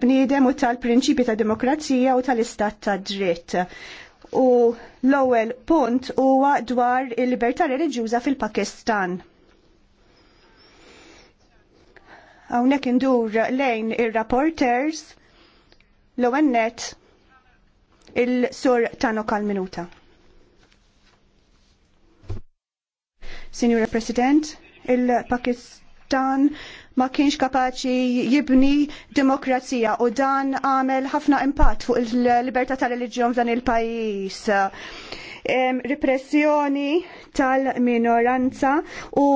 bniedem u tal-prinċipi ta' demokrazija u tal-istat ta' dritt. U l-ewwel punt huwa dwar il-libertà reliġjuża fil-Pakistan. Hawnhekk indur lejn ir-rapporters l net il-sur Tanok għal minuta. Signora President, il-Pakistan ma kienx kapaċi jibni demokrazija u dan għamel ħafna impatt fuq il-libertà tal-reliġjon f'dan il-pajjiż. Repressjoni tal-minoranza u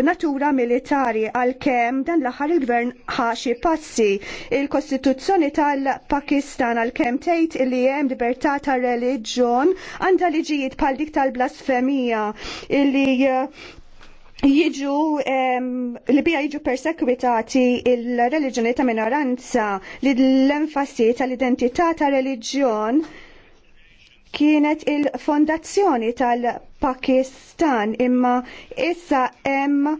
b'natura militari għal kem dan l-aħħar il-gvern ħaxi passi. Il-Kostituzzjoni tal-Pakistan għal kem tgħid li hemm libertà tal reliġjon għandha liġijiet bħal dik tal-blasfemija illi jiġu li bija jiġu persekwitati il-reliġjoni ta' minoranza li l-enfasi tal-identità ta' reliġjon kienet il-fondazzjoni tal-Pakistan imma issa hemm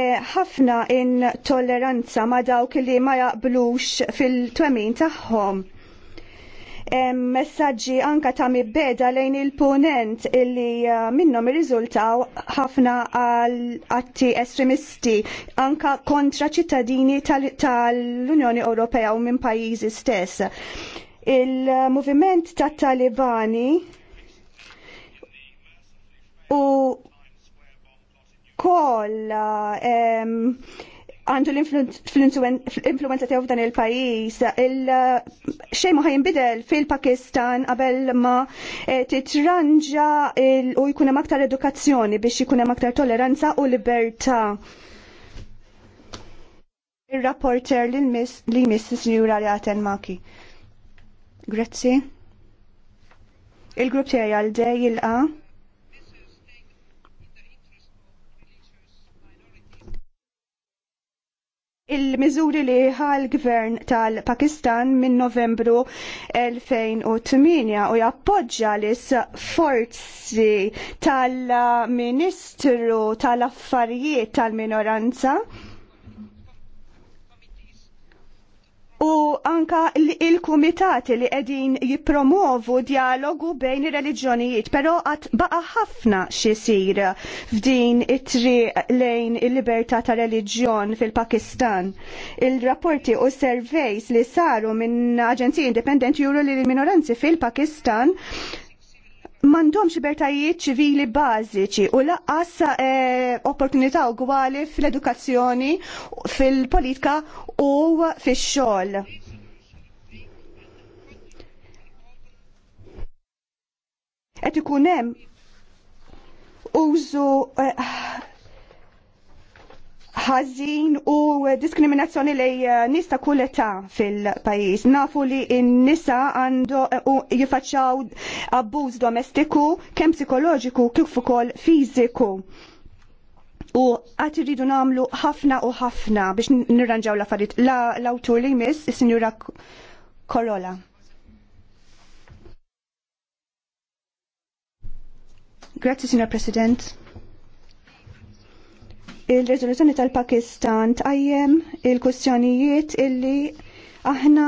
eh, ħafna intolleranza ma' dawk li ma jaqblux fil-twemmin tagħhom messaġġi anka ta' mibbeda lejn il-ponent illi eh, minnhom irriżultaw ħafna għal atti estremisti anka kontra ċittadini tal-Unjoni Ewropea u minn pajjiżi stess. Il-moviment ta' talibani u koll um, eh, għandu l-influenza tiegħu f'dan il-pajjiż. Il-xejn uh, ma ħajinbidel fil-Pakistan qabel ma eh, titranġa u jkun hemm aktar edukazzjoni biex jkun hemm aktar tolleranza u libertà. Il-rapporter li miss Signora Raten Maki. Grazzi. Il-grupp tiegħi għal dej il-qa. il-miżuri li ħal gvern tal-Pakistan minn Novembru 2008 u jappoġġa l forzi tal-Ministru tal-Affarijiet tal-Minoranza tal ministru tal affarijiet tal minoranza u anka il-kumitati li qegħdin jippromovu dialogu bejn ir-reliġjonijiet, pero għat baqa' ħafna xisir f'din it-triq lejn il-libertà ta' reliġjon fil-Pakistan. Il-rapporti u servejs li saru minn Aġenzija Independenti juru li l-minoranzi fil-Pakistan mandomx libertajiet ċivili bażiċi u laqqas eh, opportunità opportunità għuali fl-edukazzjoni, fil-politika u fix-xogħol. Qed ikun hemm użu eh, ħażin u diskriminazzjoni lej eh, nista kull età fil-pajjiż. Nafu li n-nisa għandu eh, jifacċaw abbuż domestiku kemm psikoloġiku kif ukoll fiżiku. U għat irridu namlu ħafna u ħafna biex nirranġaw l-affarijiet. L-awtur li jmiss, is-Sinjura Korola. Grazie, Signor President il-rezoluzzjoni tal-Pakistan tajjem il-kustjonijiet illi aħna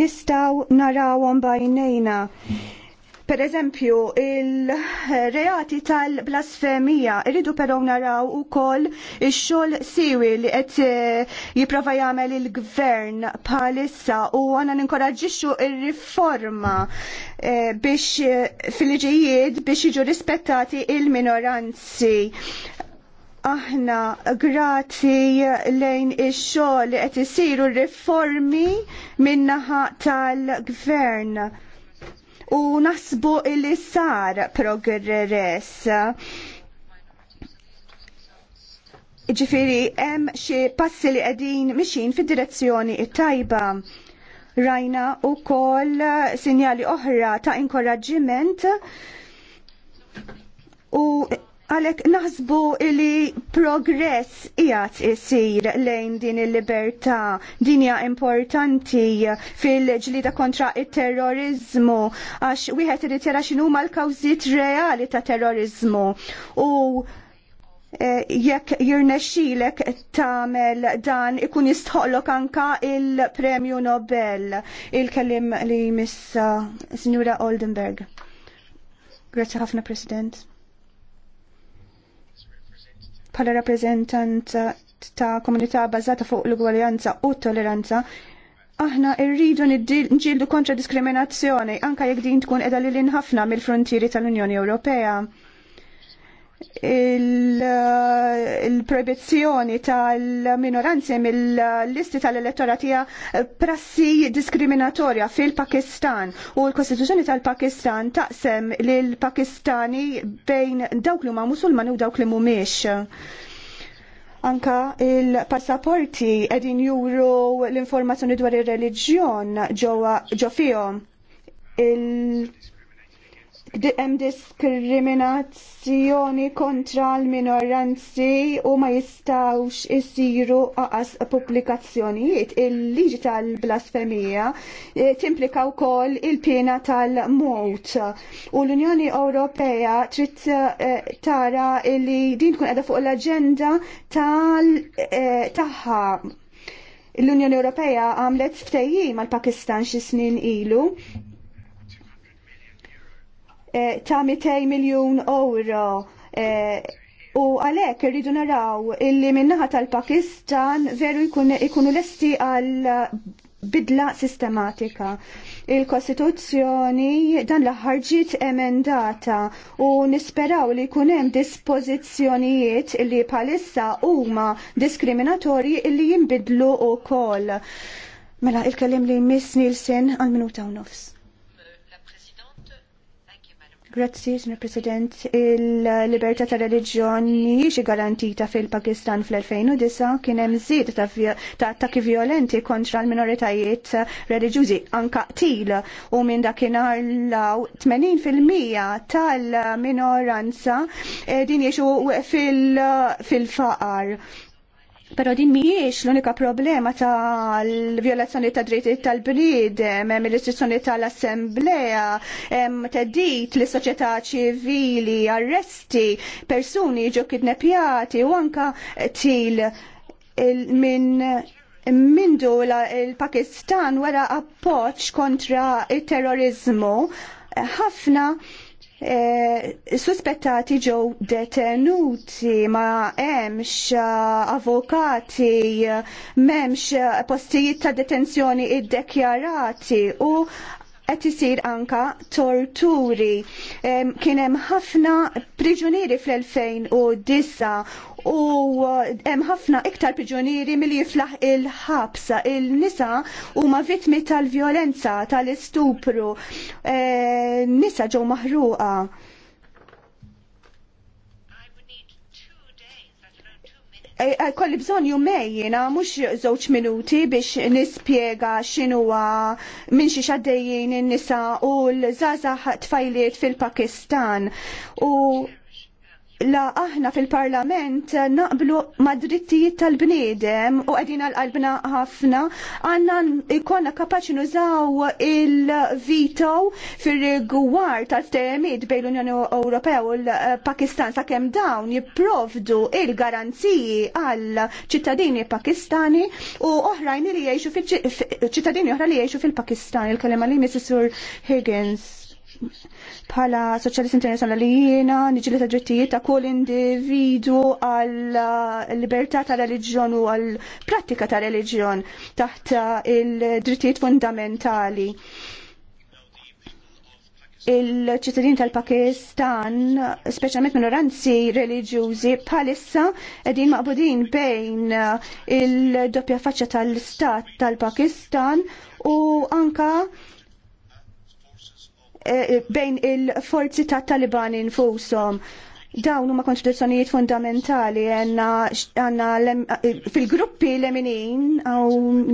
nistaw narawhom bajnejna. Per eżempju, il-reati tal-blasfemija irridu però naraw ukoll il xogħol siwi li qed eh, jipprova jagħmel il-gvern bħalissa u għana ninkoraġġixxu il riforma eh, biex eh, fil-liġijiet biex jiġu rispettati il-minoranzi aħna grati lejn ix-xogħol li qed isiru riformi min-naħa tal-gvern u nasbu li sar progress. Ġifiri, hemm xi passi li qegħdin mixin fid-direzzjoni tajba rajna u sinjali oħra ta' inkoraġġiment u Għalek naħsbu li progress jgħat isir lejn din il-libertà, din hija importanti fil-ġlida kontra il-terrorizmu, għax wieħed irid jara x'inhu l-kawżiet reali ta' terrorizmu. U e, jekk jirnexxilek tagħmel dan ikun jistħoqlok anka il-Premju Nobel, il-kelim li missa uh, Signora Oldenberg. Grazie ħafna President bħala rappresentant ta' komunità bazzata fuq l-ugwaljanza u t tolleranza aħna irridu nġildu kontra diskriminazzjoni anka jekk din tkun edha lil ħafna mill-frontieri tal-Unjoni Ewropea il-proibizzjoni il proibizzjoni tal mill-listi tal-elettoratija prassi diskriminatorja fil-Pakistan u l-Kostituzzjoni tal-Pakistan taqsem lil-Pakistani bejn dawk li huma Musulman u dawk li mhumiex. Anka il-passaporti edin juru l-informazzjoni dwar ir-reliġjon ġo fihom il hemm diskriminazzjoni kontra l-minoranzi u ma jistawx isiru qaqas pubblikazzjonijiet. Il-liġi tal-blasfemija eh, timplika wkoll il pina tal-mowt. U l-Unjoni Ewropea trid eh, tara li din tkun qiegħda fuq l-aġenda tal-taħħa eh, l-Unjoni Ewropea għamlet ftejjim mal pakistan xi snin ilu Eh, ta' 200 miljun euro. Eh, u għalek rridu naraw illi minnaħa tal-Pakistan veru jkunu lesti għal bidla sistematika. Il-Kostituzzjoni dan l-ħarġiet emendata u nisperaw li kunem dispozizjonijiet li palissa huma diskriminatorji li jimbidlu u kol. Mela, il-kellim li Miss Nielsen għal minuta u nofs. Grazzi, signor President. Il-libertà ta' reliġjoni xi garantita fil-Pakistan fl-2009 kien hemm żied ta' attakki violenti kontra l-minoritajiet reliġjużi anka qtil u minn dakinhar law 80% tal-minoranza eh, din jiexu fil-faqar. Pero din miex l-unika problema tal-violazzjoni ta' drittijiet tal-bniedem, hemm l-istituzzjoni tal-assemblea, hemm teddit li soċjetà ċivili, arresti, persuni ġo kidnappjati u anka til minn mindu il-Pakistan wara appoġġ kontra il-terrorizmu ħafna Eh, suspettati ġew detenuti ma hemmx eh, avokati eh, m'hemmx postijiet ta' detenzjoni iddekjarati u qed isir anka torturi. Kien hemm ħafna priġunieri fl-2009 u eh, hemm ħafna iktar priġunieri milli jiflaħ il-ħabsa. Il-nisa huma vittmi tal-vjolenza, tal-istupru. Eh, nisa ġew maħruqa Eh, eh, kolli bżon jumej jena mux zoċ minuti biex nispiega xinuwa minn xie xaddejjien n-nisa u l-zazax tfajliet fil-Pakistan u la aħna fil-parlament naqblu madrittijiet tal-bniedem u għedina l-qalbna ħafna għanna ikonna kapaċi nużaw il-vito fil-rigwar tal-ftehimiet bejn l-Unjoni Ewropea u l-Pakistan sakemm dawn jipprovdu il-garanziji għal ċittadini pakistani u oħrajn li jgħixu ċittadini oħra li jgħixu fil-Pakistan il-kelema li Mrs. Higgins bħala soċjalist li jiena niġi ta' drittijiet ta' kull individu għal eh, libertà ta' reliġjon u għal prattika ta' reliġjon taħt eh, il-drittijiet fundamentali. Il-ċittadin tal-Pakistan, speċjalment minoranzi reliġjużi, bħalissa qegħdin maqbudin bejn eh, il-doppja faċċa tal-Stat tal-Pakistan u anka Eh, bejn il-forzi ta' Taliban infushom dawn huma konċedizzjonijiet fundamentali għanna fil-gruppi leminin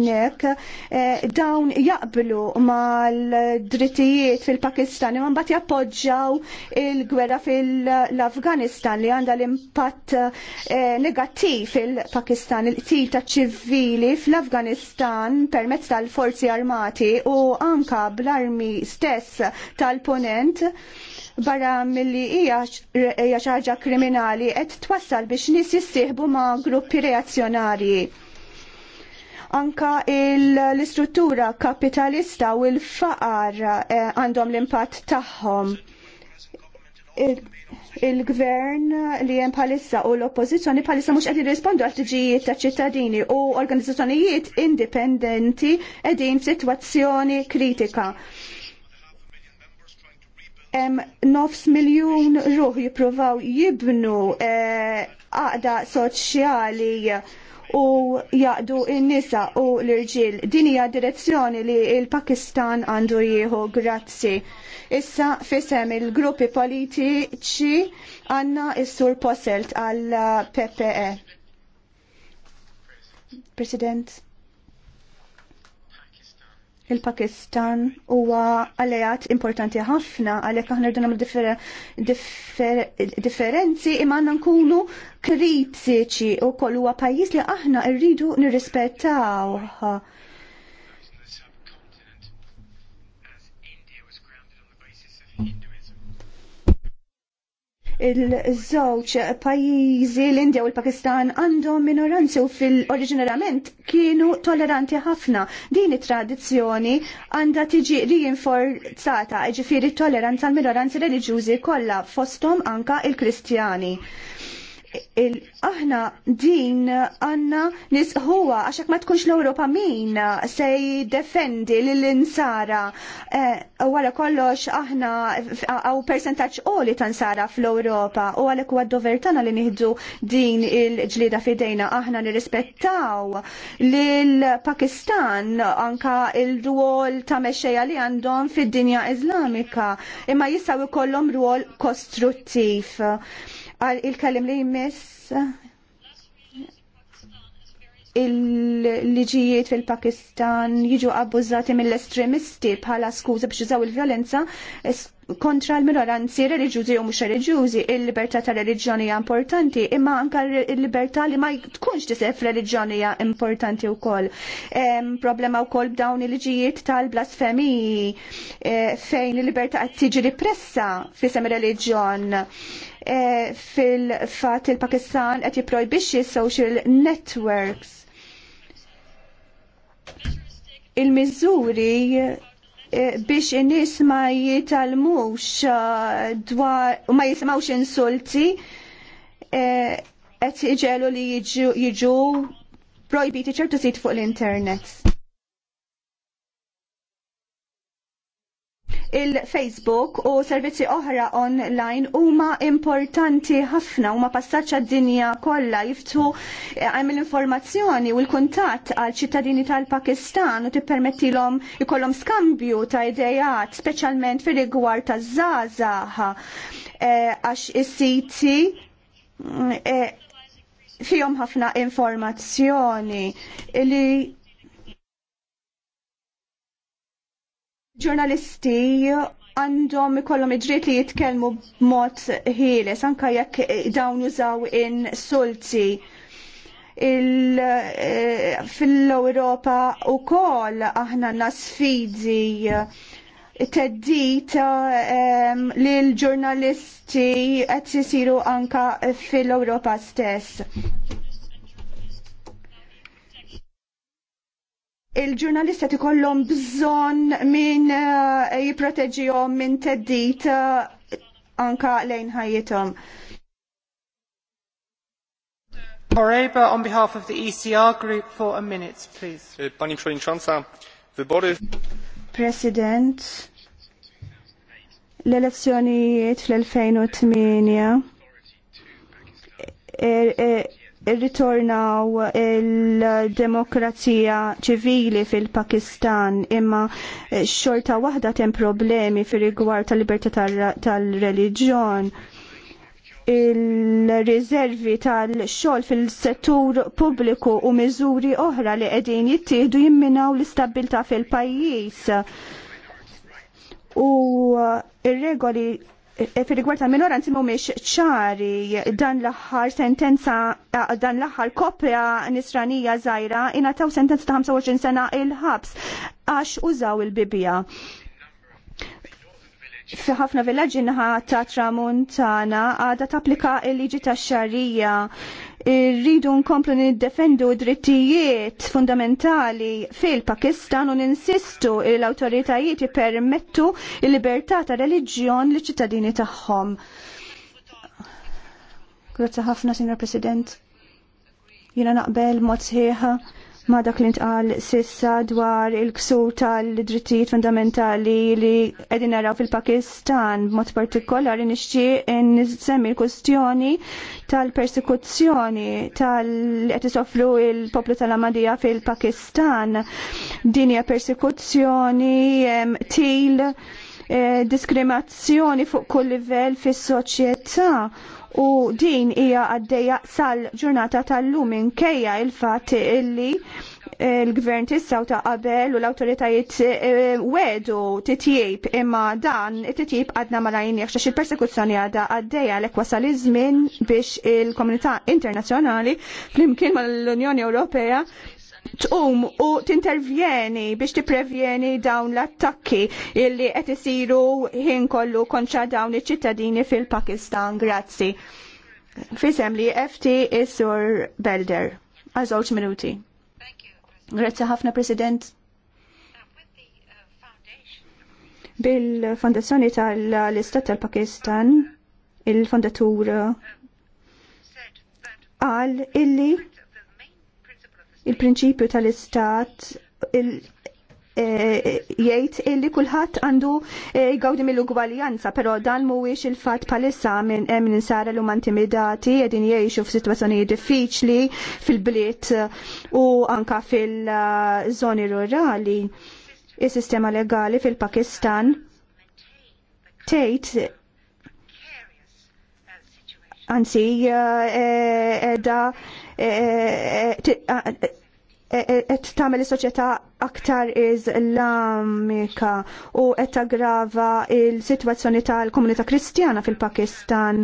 nek eh, dawn jaqblu mal-drittijiet fil-Pakistan imman bat jappoġġaw il-gwerra fil-Afganistan li għanda l-impatt eh, negattiv fil-Pakistan il-qtil ta' ċivili fil-Afganistan permezz tal-forzi armati u anka bl-armi stess tal-ponent barra milli hija ċarġa kriminali qed twassal biex nies jissieħbu ma' gruppi reazzjonarji anka l-istruttura kapitalista u l-faqar eh, għandhom l-impatt tagħhom. Il-gvern li jem palissa u l-oppozizjoni palissa mux għedin rispondu għal tġijiet ta' ċittadini u organizzazzjonijiet indipendenti għedin situazzjoni kritika nofs miljun ruħ jipruvaw jibnu eh, għaqda eh, soċjali u jaqdu in-nisa u l-irġil. Din hija direzzjoni li il-Pakistan għandu jieħu grazzi. Issa fisem il-gruppi politiċi għanna s sur Poselt għal PPE. President il-Pakistan huwa alleat importanti ħafna għalhekk aħna rridu nagħmlu differenzi imma għandna nkunu kritiċi u koll huwa pajjiż li aħna rridu nirrispettaw. il-żewġ pajjiżi l-Indja u l-Pakistan għandhom minoranzi u fil-oriġinarament kienu tolleranti ħafna. Din it-tradizzjoni għandha tiġi rinforzata, ġifiri tolleranza għal minoranzi reliġjużi kollha fosthom anka il-Kristjani aħna din għanna nisħuwa għaxak ma tkunx l-Europa min se jiddefendi l-insara għala eh, kollox aħna għaw percentaċ oli tansara fl-Europa u għalek u għaddover li nihdu din il-ġlida fidejna aħna nirrispettaw l-Pakistan anka il-ruol ta' meċċeja li għandhom fid-dinja Islamika imma jissaw kollom ruol kostruttiv. Għal il kellim li jmiss il-liġijiet fil-Pakistan jiġu abbużati mill-estremisti bħala skuża biex jużaw il-violenza kontra l-minoranzi reliġjużi u mhux reliġjużi, il-libertà ta' reliġjoni hija importanti, imma anka l-libertà li ma tkunx tisef reliġjoni hija importanti wkoll. Problema wkoll b'dawn il-liġijiet tal-blasfemiji eh, fejn il-libertà qed tiġi ripressa fisem reliġjon. Eh, Fil-fat il-Pakistan qed jipprojbixxi social networks. Il-miżuri Eh, biex in-nies ma jitalmux eh, dwar u ma jismawx insulti eh, qed iġelu li jiġu projbiti ċertu sit fuq l-internet. il-Facebook u servizzi oħra online huma importanti ħafna huma passaċ għad-dinja kollha jiftu eh, għajm l-informazzjoni u l-kuntatt għal ċittadini tal-Pakistan u tippermettilhom ikollhom skambju ta' idejat speċjalment fir-rigward taż-żgħażagħ eh, għax is-siti mm, eh, fihom ħafna informazzjoni li ġurnalisti għandhom ikollhom id-dritt li jitkellmu b'mod ħieles anke jekk dawn użaw insulti. Eh, Fil-Europa u koll aħna nasfidi eh, teddit eh, li l-ġurnalisti qed jisiru anka fil ewropa stess. il-ġurnalista tikollhom bżonn min eh, jipproteġihom minn teddit eh, anka lejn ħajjithom. Moreba on behalf of the ECR group for a minute, please. Eh, pani Przewodnicząca, wybory... President, l-elezzjonijiet fl-2008 er, er, irritornaw il-demokrazija ċivili fil-Pakistan imma xorta waħda tem problemi fir rigward tal-libertà tal-reliġjon il rezervi tal-xol fil-settur pubbliku u miżuri oħra li qegħdin jittieħdu jimminaw l-istabilta fil-pajjiż. U ir-regoli E, fil-rigward minoranzi mhumiex ċari dan l-aħħar sentenza dan l-aħħar kopja nisranija żgħira ingħataw sentenza ta' 25 sena il-ħabs għax użaw il-bibija. Fi ħafna villaġġi ta' tramuntana għadha tapplika l-liġi tax-xarija rridu nkomplu niddefendu drittijiet fundamentali fil-Pakistan u ninsistu l-autoritajiet jipermettu il-libertà ta' reliġjon li ċittadini tagħhom. Grazzi ħafna, Signor President. Jiena naqbel mod sħiħa ma dak li ntqal sissa dwar il-ksur tal-drittijiet fundamentali li qegħdin naraw fil-Pakistan b'mod partikolari nixtieq semmi l-kwestjoni tal-persekuzzjoni tal qed isofru il-poplu tal-Amadija fil-Pakistan. Din hija persekuzzjoni til eh, diskriminazzjoni fuq kull livell fis-soċjetà u din hija għaddejja sal-ġurnata tal-lum minkejja il-fatt illi il-gvern tissaw ta' qabel u l-autoritajiet eh, wedu titjib imma dan titjib għadna ma lajn il-persekuzzjoni għadha għaddeja l ekwasal iż-żmien biex il-komunità internazzjonali flimkien mal-Unjoni Ewropea tqum u tintervjeni biex tipprevjeni dawn l-attakki illi qed isiru ħin kollu kontra dawn iċ-ċittadini fil-Pakistan. Grazzi. Fisem li FT is-Sur Belder. Għażewġ minuti. Grazzi ħafna President. Bil-fondazzjoni tal-Istat tal-Pakistan, il-fondatur għal illi il-prinċipju tal-istat il eh, jgħid illi kulħadd għandu eh, jgawdi mill-ugwaljanza, però dan mhuwiex il-fatt palissa minn eh, min sara l intimidati qegħdin jgħixu f'sitwazzjonijiet diffiċli fil-bliet u anka fil-żoni rurali. Is-sistema legali fil-Pakistan tgħid anzi edha e, qed eh, eh, eh, ah, tagħmel is-soċjetà aktar iżlamika u qed aggrava il-sitwazzjoni tal-komunità Kristjana fil-Pakistan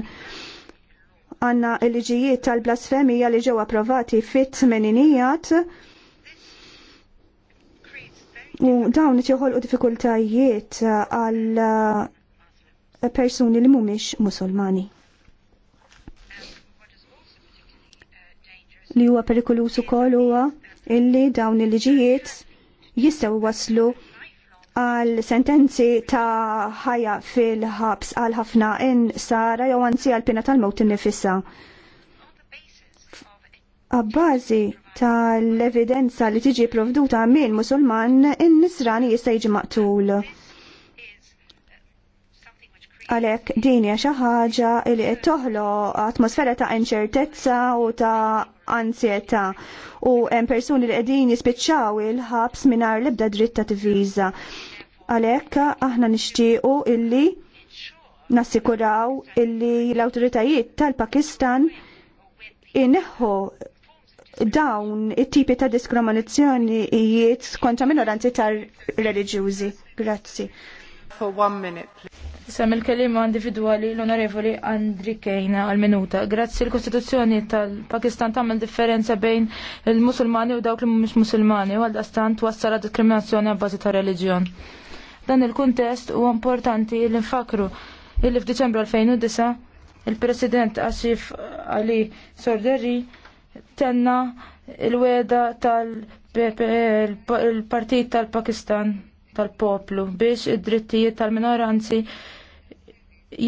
għanna il-liġijiet tal-blasfemija li ġew approvati fit-tmeninijat u dawn tiħolqu diffikultajiet għal persuni li mhumiex musulmani. li huwa perikolus ukoll huwa illi dawn il-liġijiet jistaw waslu għal sentenzi ta' ħajja fil-ħabs għal ħafna in sara jew anzi għal pina tal-mewt innifissa. Abbażi tal-evidenza li tiġi provduta minn musulman in-nisrani jista' jiġi maqtul għalek din hija xi ħaġa li qed toħlo atmosfera ta' inċertezza u ta' ansjeta u hemm persuni li qegħdin jispiċċaw il-ħabs mingħajr l-ebda dritt ta' tiviża. Għalhekk aħna nixtiequ illi nassikuraw illi l-awtoritajiet tal-Pakistan inneħħu dawn it-tipi ta' diskriminazzjonijiet kontra minoranzi tal reliġjużi Grazzi. For one minute, please. Sam il-kelima individuali l-onorevoli Andri Kejna għal-minuta. Grazzi l-Kostituzzjoni tal-Pakistan tagħmel differenza bejn il-Musulmani u dawk li mhumiex Musulmani u għal-dastan twassala diskriminazzjoni għabbażi ta' reliġjon. Dan il-kuntest u importanti li nfakru illi f'Diċembru 2009 il-President Asif Ali Sorderi tenna il-weda tal-Partit tal-Pakistan tal-poplu biex id-drittijiet tal-minoranzi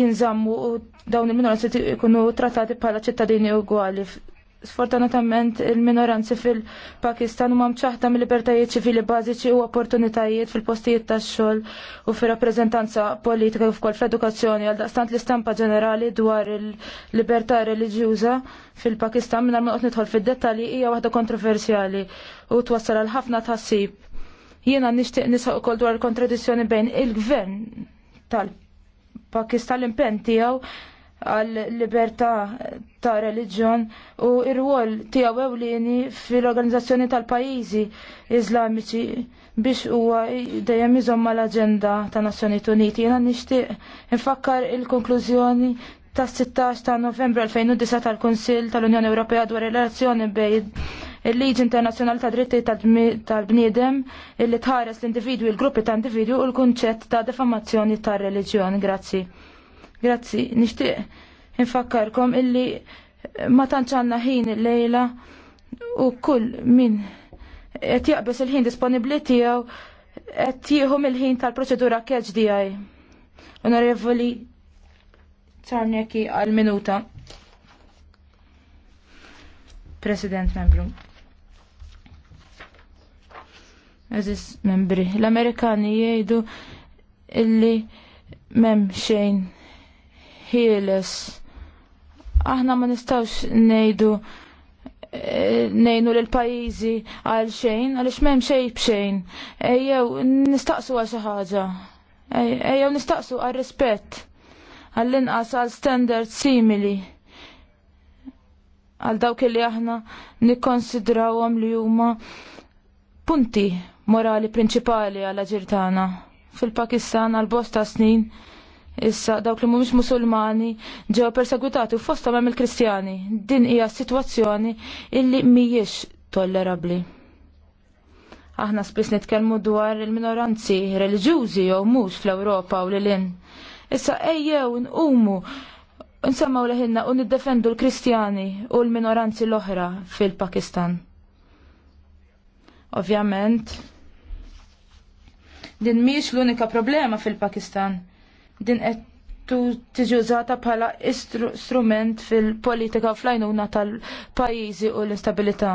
jinżammu u dawn il-minoranzi ikunu trattati bħala ċittadini ugwali. Sfortunatament il-minoranzi fil-Pakistan huma mamċaħta mill-libertajiet ċivili bażiċi u opportunitajiet fil-postijiet tax-xogħol u fir-rappreżentanza politika u f'kol fl-edukazzjoni għal daqstant l-istampa ġenerali dwar il-libertà reliġjuża fil-Pakistan minn ma nidħol fid-dettalji hija waħda kontroversjali u twassal għal ħafna tħassib Jiena nixtieq nisħaq ukoll dwar kontradizzjoni bejn il-gvern tal-Pakistan l-impenn tiegħu għal libertà ta' reliġjon u r rwol tiegħu ewlieni fil-organizzazzjoni tal-pajjiżi Iżlamiċi biex huwa dejjem iżomm mal-aġenda ta' Nazzjonijiet Uniti. Jiena nixtieq infakkar il-konklużjoni tas 16 ta' novembru 2009 tal-Kunsill tal-Unjoni Ewropea dwar ir relazzjoni bejn il-Liġi internazjonali ta' Dritti tal-Bniedem illi tħares l-individwi, l-gruppi ta' individwi u l-kunċett ta' defamazzjoni ta' reliġjon. Grazzi. Grazzi, nixtieq infakkarkom illi ma tantx għandna ħin lejla u kull min qed jaqbes il-ħin disponibbli tiegħu qed jieħu mill-ħin tal-proċedura catch DI. Onorevoli Czarniecki għal minuta. President Membru. Aziz membri. L-Amerikani jgħidu illi mem xejn hieles. Aħna ma nistawx nejdu eh, nejnu l pajizi għal xejn, għal xmem xej bxejn. Ejjew, nistaqsu għal xaħġa. Ejjew, nistaqsu għal rispett. Għall-inqas għal standard simili. Għal dawk li aħna nikkonsidrawhom li huma punti morali prinċipali għal ġirtana. Fil-Pakistan għal bosta snin issa dawk li mhumiex musulmani ġew persegutati u fosta mem il-Kristjani. Din hija sitwazzjoni illi mhijiex tollerabbli. Aħna spiss nitkellmu dwar il-minoranzi reliġjużi jew mhux fl-Ewropa u in. Issa ejjew nqumu nsemmaw leħinna u niddefendu l-Kristjani u l-minoranzi l-oħra fil-Pakistan. Ovvjament, Din miex l-unika problema fil-Pakistan. Din qed tiġużata bħala strument fil-politika u fl-għajnuna tal-pajjiżi u l-instabilità.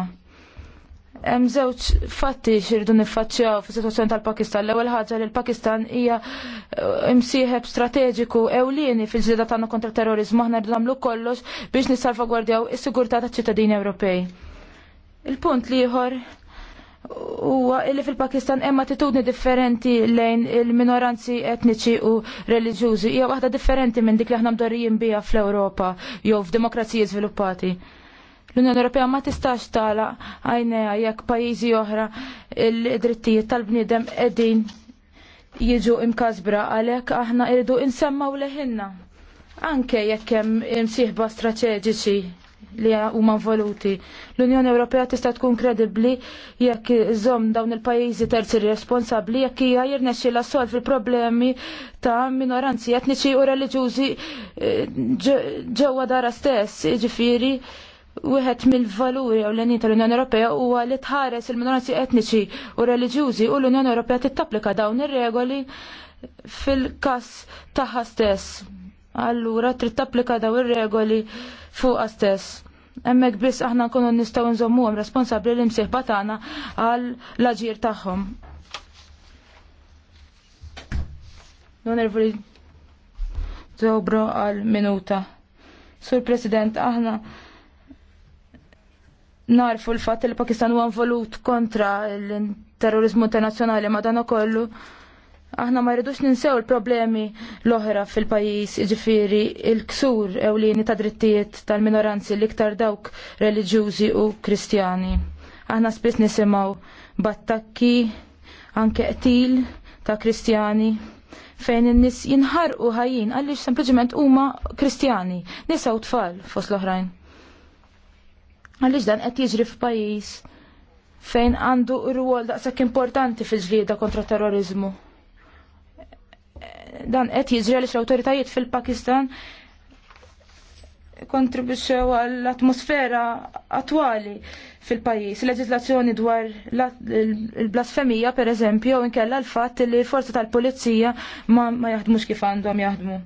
Hemm żewġ fatti xirdu niffaċċjaw fis-sitwazzjoni tal-Pakistan. L-ewwel ħaġa li l-Pakistan hija eh, imsieħeb strateġiku ewlieni fil-ġlieda tagħna kontra terrorizmu aħna rridu nagħmlu kollox biex nissalvagwardjaw is-sigurtà taċ-ċittadini Ewropej. Il-punt li ieħor huwa illi fil-Pakistan hemm attitudni differenti lejn il-minoranzi etniċi u reliġjużi hija waħda differenti minn dik li aħna mdorrijin biha fl-Ewropa jew f'demokraziji żviluppati. L-Unjoni Ewropea ma tistax tala għajnejha jekk pajjiżi oħra il-drittijiet tal-bniedem qegħdin jiġu imkazbra għalhekk aħna irridu insemmaw leħinna anke jekk hemm imsieħba strateġiċi li huma voluti. L-Unjoni Ewropea tista' tkun kredibbli jekk iżomm dawn il-pajjiżi terzi responsabbli jekk hija jirnexxilha solvi problemi ta' minoranzi etniċi u reliġjużi eh, ġewwa dara stess, jiġifieri wieħed mill-valuri u l enin tal-Unjoni Ewropea huwa li tħares il-minoranzi etniċi u reliġjużi u l-Unjoni Ewropea tittapplika dawn ir-regoli fil każ tagħha stess allura trid tapplika daw ir-regoli fuqha stess. Hemmhekk biss aħna nkunu nistgħu nżommuhom responsabbli li msieħba tagħna għal l-aġir tagħhom. l Zobro għal minuta. Sur President, aħna narfu l-fatt li Pakistan huwa involut kontra l-terrorizmu internazzjonali ma dan kollu. Aħna ma rridux ninsew il-problemi l-oħra fil-pajis, iġifiri il-ksur ewlieni ta' drittijiet tal-minoranzi l-iktar dawk reliġjużi u kristjani. Aħna spiss nisimaw battakki, anke qtil ta' kristjani, fejn in-nies jinħarqu ħajjin għaliex sempliċement huma kristjani, nisa u tfal fost l-oħrajn. Għaliex dan qed jiġri f'pajjiż fejn għandu rwol daqshekk importanti fil-ġlieda kontra terrorizmu dan qed jiżri għaliex l-awtoritajiet fil-Pakistan kontribwixxew għall-atmosfera attwali fil-pajjiż. Leġislazzjoni dwar il-blasfemija pereżempju jew inkella l-fatt li forza tal-pulizija ma, ma jaħdmux kif għandhom jaħdmu.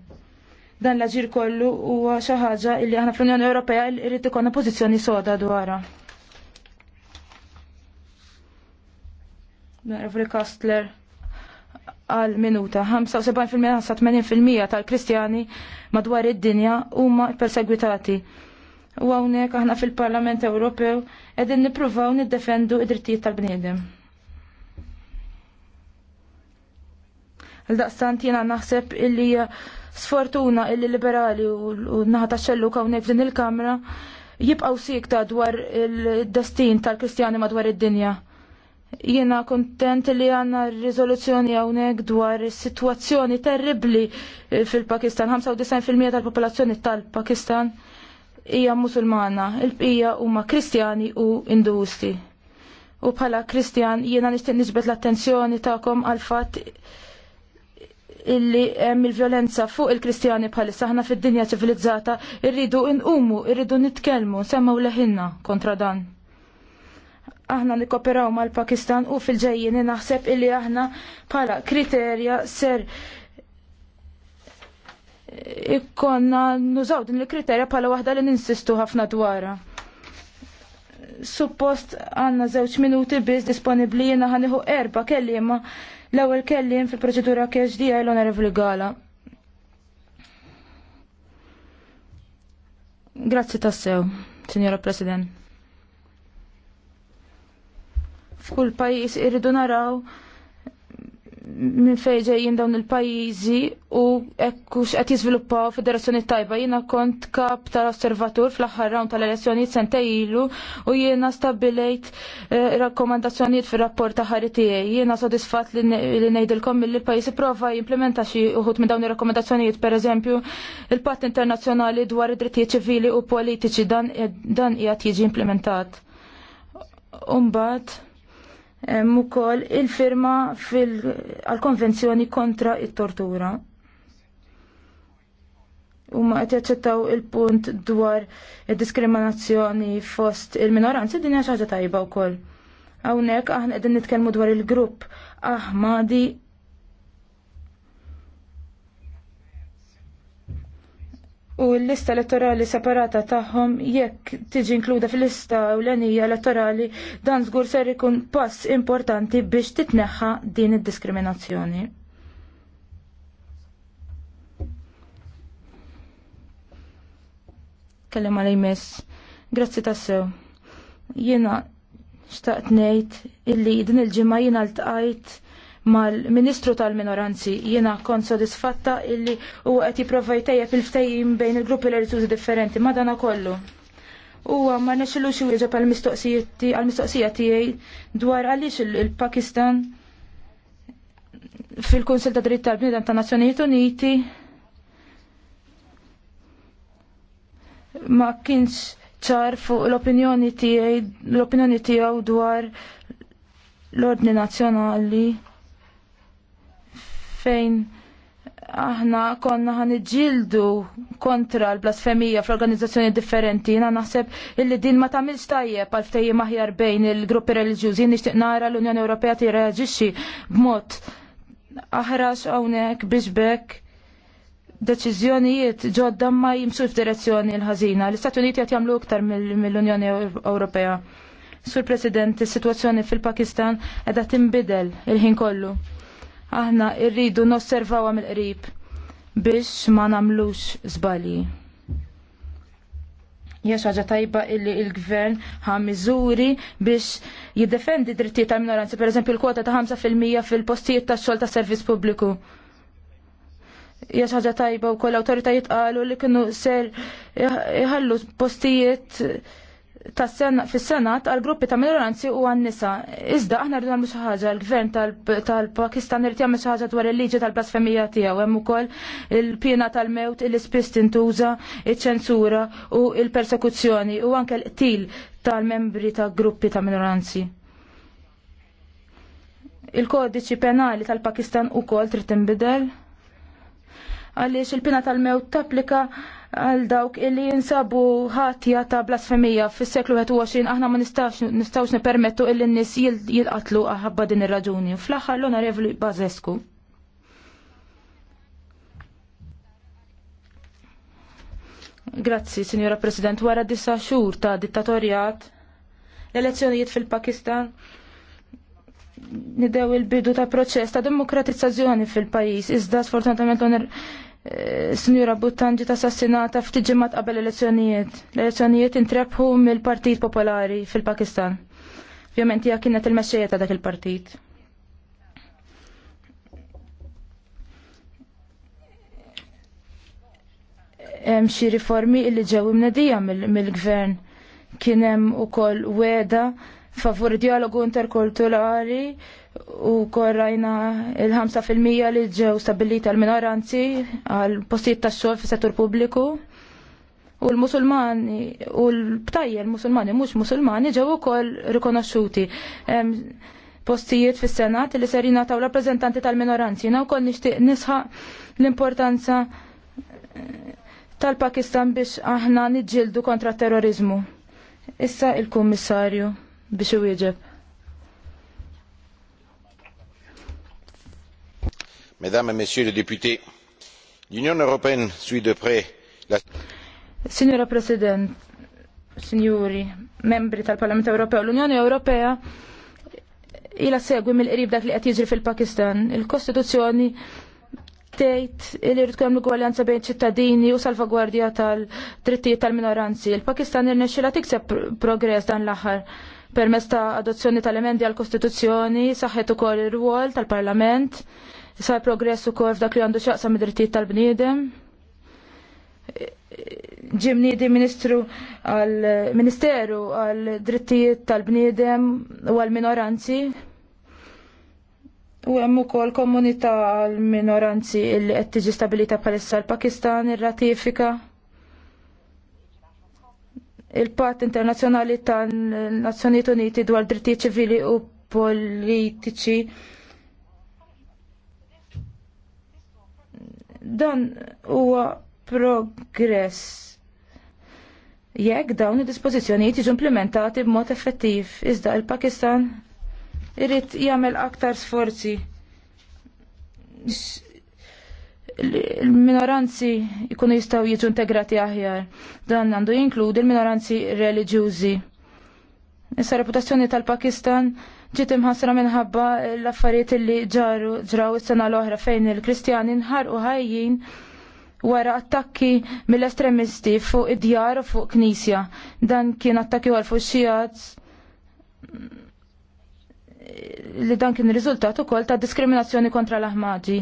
Dan l-aġir kollu huwa xi ħaġa li aħna fl-Unjoni Ewropea irrid ikonna pożizzjoni soda dwarha. Nara Kastler għal minuta. 75% 80% tal-Kristjani madwar id-dinja huma perseguitati. U hawnhekk aħna fil-Parlament Ewropew qegħdin nippruvaw niddefendu id-drittijiet tal-bniedem. Għal-daqstant jiena naħseb illi sfortuna illi liberali u naħa xellu kawnek f'din il-kamra jibqaw sikta dwar il-destin tal-Kristjani madwar id-dinja. Jiena kontent li għanna rizoluzzjoni għawnek dwar situazzjoni terribli eh, fil-Pakistan. 95% tal-popolazzjoni tal-Pakistan hija musulmana, il-bqija huma kristjani u induisti. U bħala kristjan jiena nixtieq nisbet l-attenzjoni tagħkom għal fatt illi hemm il-vjolenza fuq il-Kristjani bħalissa aħna fid-dinja ċivilizzata irridu nqumu, irridu nitkellmu, semmaw leħinna kontra dan aħna nikoperaw mal-Pakistan u fil-ġejjini naħseb illi aħna bħala kriterja ser ikkonna nużaw din il-kriterja bħala waħda li ninsistu ħafna dwarha. Suppost għanna żewġ minuti biss disponibbli jiena ħaniħu erba kelliema l-ewwel kelliem fil-proċedura kex l-Onorevoli Gala. Grazzi tassew, Signora President f'kull pajjiż irridu naraw minn fejn ġejjin dawn il-pajjiżi u ekkux qed jiżviluppaw federazzjoni tajba. Jiena kont kap tal-osservatur fl-aħħar rawn tal-elezzjonijiet sente ilu u jiena stabbilejt eh, rakkomandazzjonijiet fir-rapport ta' ħari tiegħi. Jiena sodisfatt li ngħidilkom milli l-pajjiż ipprova jimplementa xi uħud minn dawn ir-rakkomandazzjonijiet, pereżempju il-Patt Internazzjonali dwar id-drittijiet ċivili u politiċi dan qiegħed jiġi implementat. Umbagħad Hemm ukoll il-firma għal-konvenzjoni kontra il tortura Huma qed jaċċettaw il-punt dwar id-diskriminazzjoni fost il-minoranzi din hija xi ħaġa tajba wkoll. Hawnhekk aħna qegħdin nitkellmu dwar il-grupp Ahmadi. u l-lista elettorali separata tagħhom jekk tiġi inkluda fil-lista ewlenija elettorali dan żgur ser ikun pass importanti biex titneħħa din id-diskriminazzjoni. Kellem għalej mess. Grazzi tassew. Jiena xtaqt ngħid illi din il-ġimgħa jiena ltqajt mal-Ministru tal-Minoranzi. Jiena kont sodisfatta illi u qed jipprova fil-ftajim bejn il-gruppi l-irtużi differenti dana kollu. Huwa ma xie jieġeb għall-mistoqsija tiegħi dwar għaliex il-Pakistan fil konsil ta' Dritt tal bnidan ta' Nazzjonijiet Uniti ma kienx ċar fuq l-opinjoni tiegħu dwar l-ordni nazzjonali fejn aħna konna ħan iġildu kontra l-blasfemija fl-organizzazzjoni differenti. Na naħseb illi din ma tamilx tajjeb għal ftejjim maħjar bejn il-gruppi religjużi nixtieq nara l-Unjoni Ewropea tirreaġixxi b'mod aħrax hawnhekk biex bekk deċiżjonijiet ġodda ma jimxu f'direzzjoni l-ħażina. L-Istati Uniti qed jagħmlu iktar mill-Unjoni Ewropea. Sur President, is-sitwazzjoni fil-Pakistan qiegħda tinbidel il-ħin kollu aħna rridu nosservawha mill-qrib biex ma nagħmlux żbalji. Hija xi ħaġa tajba illi l-gvern ħa miżuri biex jiddefendi drittijiet ta' minoranzi, pereżempju l-kwota ta' 5% fil-postijiet tax-xogħol ta' servizz pubbliku. Hija xi ħaġa tajba wkoll l-awtoritajiet qalu li kienu ser iħallu postijiet fis-Senat għal gruppi ta' minoranzi u għan-nisa. Iżda aħna rridu għamlu xi ħaġa, l-Gvern tal-Pakistan irid jagħmel xaħġa ħaġa dwar il-liġi tal-blasfemija tiegħu hemm ukoll il-pjena tal-mewt il-spis tintuża, il ċensura u l-persekuzzjoni u anke l-qtil tal-membri ta' gruppi ta' minoranzi il-kodiċi penali tal-Pakistan u kol trid tinbidel għaliex il-pina tal-mewt tapplika għal dawk illi jinsabu ħatja ta' blasfemija fis seklu 21 aħna ma nistax nistax nipermettu illi n-nis jilqatlu ħabba din ir-raġuni. Fl-aħħar l Revlu Bazescu. Grazzi, Sinjora President. Wara disa xhur ta' dittatorjat, l-elezzjonijiet fil-Pakistan nidew il-bidu ta' proċess ta' demokratizzazzjoni fil-pajis. Iżda sfortunatament Eh, Snjura Buttan ġiet assassinata ftit ġimgħat qabel elezzjonijiet. L-elezzjonijiet intrebħu mill-Partit Popolari fil-Pakistan. Ovvjament hija kienet il-mexxejja ta' dak il-partit. Hemm xi riformi li ġew imnedija mill-gvern. Kien hemm ukoll weda favur dialogu interkulturali u korrajna il-5% li ġew stabilita l-minoranzi għal postijiet tax xogħol fis-settur pubbliku. U l-Musulmani u l-btajja l-Musulmani mhux Musulmani ġew ukoll rikonoxxuti postijiet fis-Senat li ser jingħataw rappreżentanti tal-minoranzi. u wkoll nixtieq nisħa l-importanza tal-Pakistan biex aħna niġġieldu kontra terrorizmu. Issa il-Kummissarju biex u jieġeb. Madame et Monsieur les députés, l'Union européenne suit de près la. Signora President, signori, membri tal-Parlament europeo, l-Unjoni ila segwi mill-qrib dak li qed jiġri fil-Pakistan. Il-Kostituzzjoni tgħid li rid tkun l-ugwaljanza bejn ċittadini u salvagwardja tal-drittijiet tal-minoranzi. Il-Pakistan irnexxilha tikseb progress dan l-aħħar Permezz ta' adozzjoni tal-emendi għal-Kostituzzjoni saħħet ukoll ir-rwol tal-Parlament, sar progress ukoll f'dak li għandu x'jaqsam id-drittijiet tal-bniedem. Ġimnidi Ministru għal-Ministeru għal-Drittijiet tal-Bniedem u għal-Minoranzi U hemm ukoll komunità għal minoranzi li qed tiġi stabilita bħalissa l-Pakistan ir-ratifika il-Patt Internazzjonali tan-Nazzjonijiet Uniti dwar drittijiet ċivili u politiċi. Dan huwa progress. Jekk dawn id-dispożizzjonijiet jiġu implementati b'mod effettiv, iżda il-Pakistan irid jagħmel aktar sforzi il-minoranzi jkunu jistaw jitu integrati aħjar. Dan għandu jinkludi il-minoranzi reliġjużi. Issa reputazzjoni tal-Pakistan ġiet imħassra minħabba l-affarijiet li ġaru ġraw is-sena l-oħra fejn il-Kristjani nħarqu ħajjin wara attakki mill-estremisti fuq id-djar u fuq knisja. Dan kien attakki għal fuq xijat li dan kien riżultat ukoll ta' diskriminazzjoni kontra l ahmadi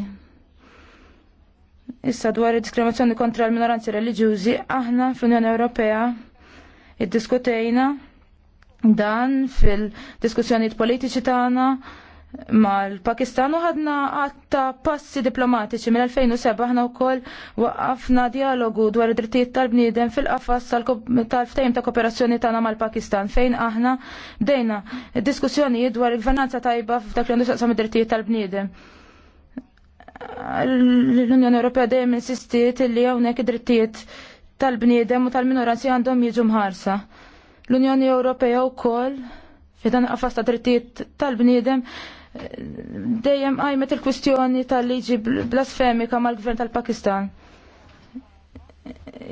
Issa dwar id-diskriminazzjoni kontra l-minoranzi reliġjużi, aħna fl-Unjoni Ewropea iddiskutejna dan fil-diskussjonijiet politiċi tagħna mal-Pakistan u ħadna għatta passi diplomatiċi mill-2007 ħna wkoll waqafna dialogu dwar id-drittijiet tal-bniedem fil-qafas tal-ftejm ta' kooperazzjoni tagħna mal-Pakistan fejn aħna bdejna diskussjonijiet dwar il-gvernanza tajba f'dak li għandu id-drittijiet tal-bniedem l-Unjoni Ewropea dejjem insistiet li hawnhekk id-drittijiet tal-bniedem u tal-minoranzi għandhom jiġu mħarsa. L-Unjoni Ewropea wkoll fidan qafas ta' drittijiet tal-bniedem eh, dejjem qajmet il-kwistjoni tal-liġi blasfemika mal-gvern tal-Pakistan.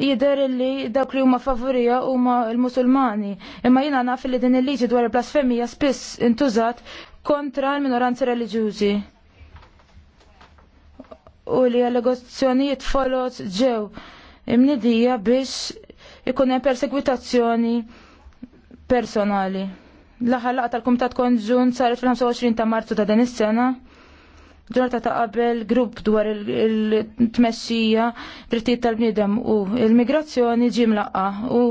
Jider li dawk li huma favorija huma l-Musulmani, imma jiena naf li din il-liġi dwar il-blasfemija spiss intużat kontra l-minoranzi reliġjużi u li allegazzjonijiet folot ġew imnidija biex ikun hemm persegwitazzjoni personali. L-aħħar laqgħa tal-Kumitat Konġun sar fil-25 ta' Marzu ta' din is-sena. Ġurnata ta' qabel grupp dwar il-tmexxija, drittijiet tal-bniedem u l-migrazzjoni ġie mlaqqa u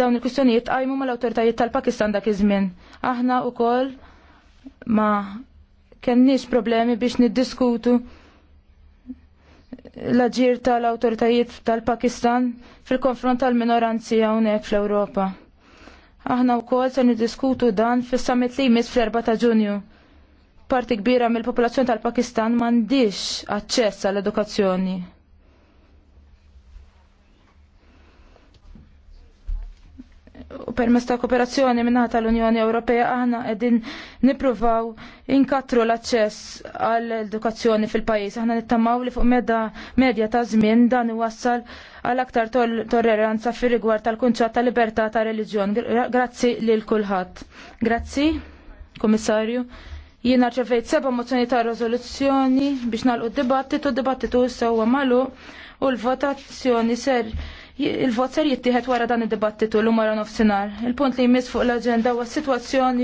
dawn il-kwistjonijiet qajmu mal-awtoritajiet tal-Pakistan dak iż-żmien. Aħna wkoll ma kenniex problemi biex niddiskutu l-aġir tal-autoritajiet tal-Pakistan fil-konfront tal-minoranzi hawnhekk fl-Ewropa. Aħna wkoll se niddiskutu dan fis-summit li jmiss fl-4 ta' Ġunju. Parti kbira mill-popolazzjoni tal-Pakistan m'għandix aċċess għall-edukazzjoni. u permess ta' kooperazzjoni minnaħa tal-Unjoni Ewropea aħna qegħdin nippruvaw inkatru l-aċċess għall edukazzjoni fil-pajjiż. Aħna nittamaw li fuq medda medja ta' żmien dan iwassal għal aktar tolleranza fir rigward tal-kunċett ta' libertà ta' reliġjon. Grazzi lil kulħadd. Grazzi, Komissarju. Jiena ċevejt seba mozzjoni ta' riżoluzzjoni biex nagħlqu d-dibattitu, d-dibattitu sewwa malu u l-votazzjoni ser il-vot ser jittieħed wara dan id-dibattitu l umara nofsinar. nofsinhar. Il-punt li jmiss fuq l-aġenda huwa s-sitwazzjoni